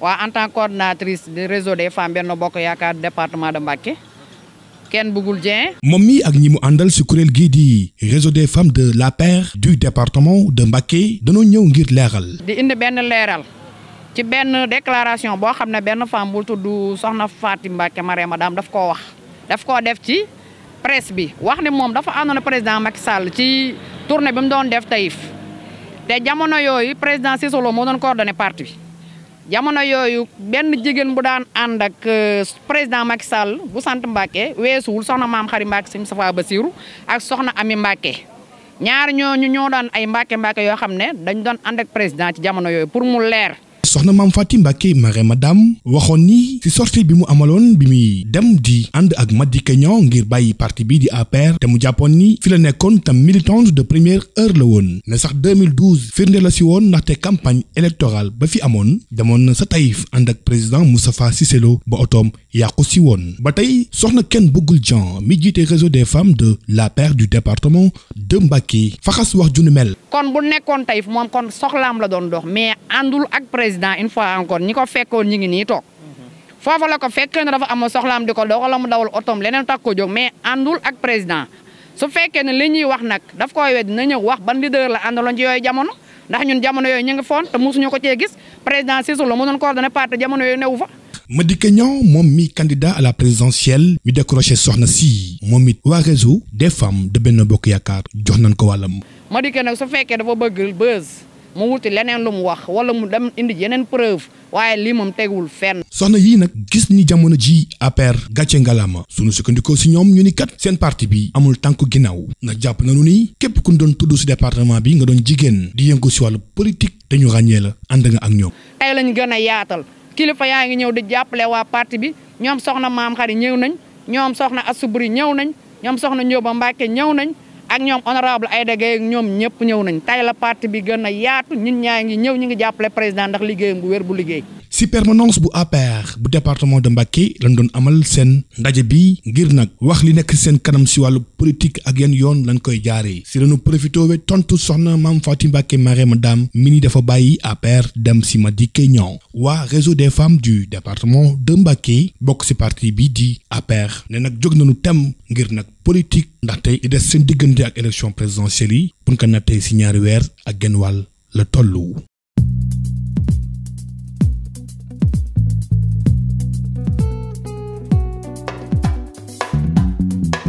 waa en tant que coordinatrice du réseau des femmes Benno Bokk Yaakaar département de Mbacké kenn bëggul Dieng. moom mi ak ñi mu àndal si kuréel gii di réseau des femmes de l'APR du département de Mbacké danoo ñëw ngir leeral. di indi benn leeral ci benn déclaration boo xam ne benn femme bu tudd soxna Fatim Mbacké Marème daam daf koo wax daf koo def ci presse bi wax ne moom dafa àndoon président Macky Sall ci tournée bi mu doon def Taïf te jamono yooyu président Cissé Lô moo doon coordonné parti bi. jamono yooyu benn jigéen bu daan ànd ak euh, président Macky Sall bu sant weesu weesuwul soxna maam xari Mbacke si Moustapha Bassirou ak soxna Ami Mbacke ñaar ñu ñoo daan ay Mbacke Mbacke yoo xam ne dañ doon ànd ak président ci jamono yooyu pour mu leer. soxna maam Faty Mbacke mare madame waxoon ni ci sortie bi mu amaloon bi muy dem di ànd ak Madické Niang ngir bàyyi parti bi di APR te mu jàppoon ni fi la nekkoon tam militante de première heure la woon ne sax 2012 firnde la si woon ndaxte campagne électorale ba fi amoon demoon na sa Taïf ànd ak président Moustapha siselo Lo ba otoom yàqu si woon ba tey soxna kenn bëggul Jean mi jiite réseau des femmes de l'APR du département de Mbacke faxas wax junu mel kon président une fois encore ko fekkoon ñi ngi nii toog foofa la ko fekkee ne dafa am soxlaam di ko dox wala mu dawal otoom leneen tax ko jóg mais àndul ak président su fekkee ne li ñuy wax nag daf koy wet dina ñëw wax ban leader la àndaloon ci yooyu jamono ndax ñun jamono yooyu ñu ngi foon te mosuñu ko cee gis président Cissé Lô mu doon coordonné parti jamono yooyu newu fa. Madické Niang moom mi candidat à la présidentielle mi décroché soxna si moom mu wuti leneen lu mu wax wala mu dem indi yeneen preuve waaye lii moom tegul fenn. soxna yii nag gis ñi jamono ji APR gàcce ngalaama sunu sukkandikoo si ñoom ñu ni kat seen parti bi amul tànku ginnaaw ndax jàpp nañu ni képp ku ñu doon tudd si département bi nga doon jigéen di yëngu si wàllu politique dañu ràññee la ànd nga ak ñoom. tey lañ gën a yaatal kilifa yaa ngi ñëw di jàppale waa parti bi ñoom soxna maam xari ñëw nañ ñoom soxna asuburi ñëw nañ ñoom soxna Njóoba Mbàkke ñëw nañ ak ñoom honorable ay Gueye ak ñoom ñëpp ñëw nañ tey la parti bi gën a yaatu ñun ñaa ngi ñëw ñu ngi jàppale président ndax liggéeyam bu wér bu liggéey si permanence bu APR bu département de Mbacké lañ doon amal seen ndaje bi ngir nag wax li nekk seen kanam si wàllu politique ak yan yoon lañ koy jaaree si lañu profité we tontu soxna maam Fatou Mbacké ma daam mi ni dafa bàyyi APR dem si Madické Niang waa réseau des femmes du département de Mbacké bokk si parti bi di APR ne nag jóg nañu tem ngir nag politique ndaxte li des seen diggante ak élection présidentielle yi pour na nattee si ñaari weer ak genn wàll la tollu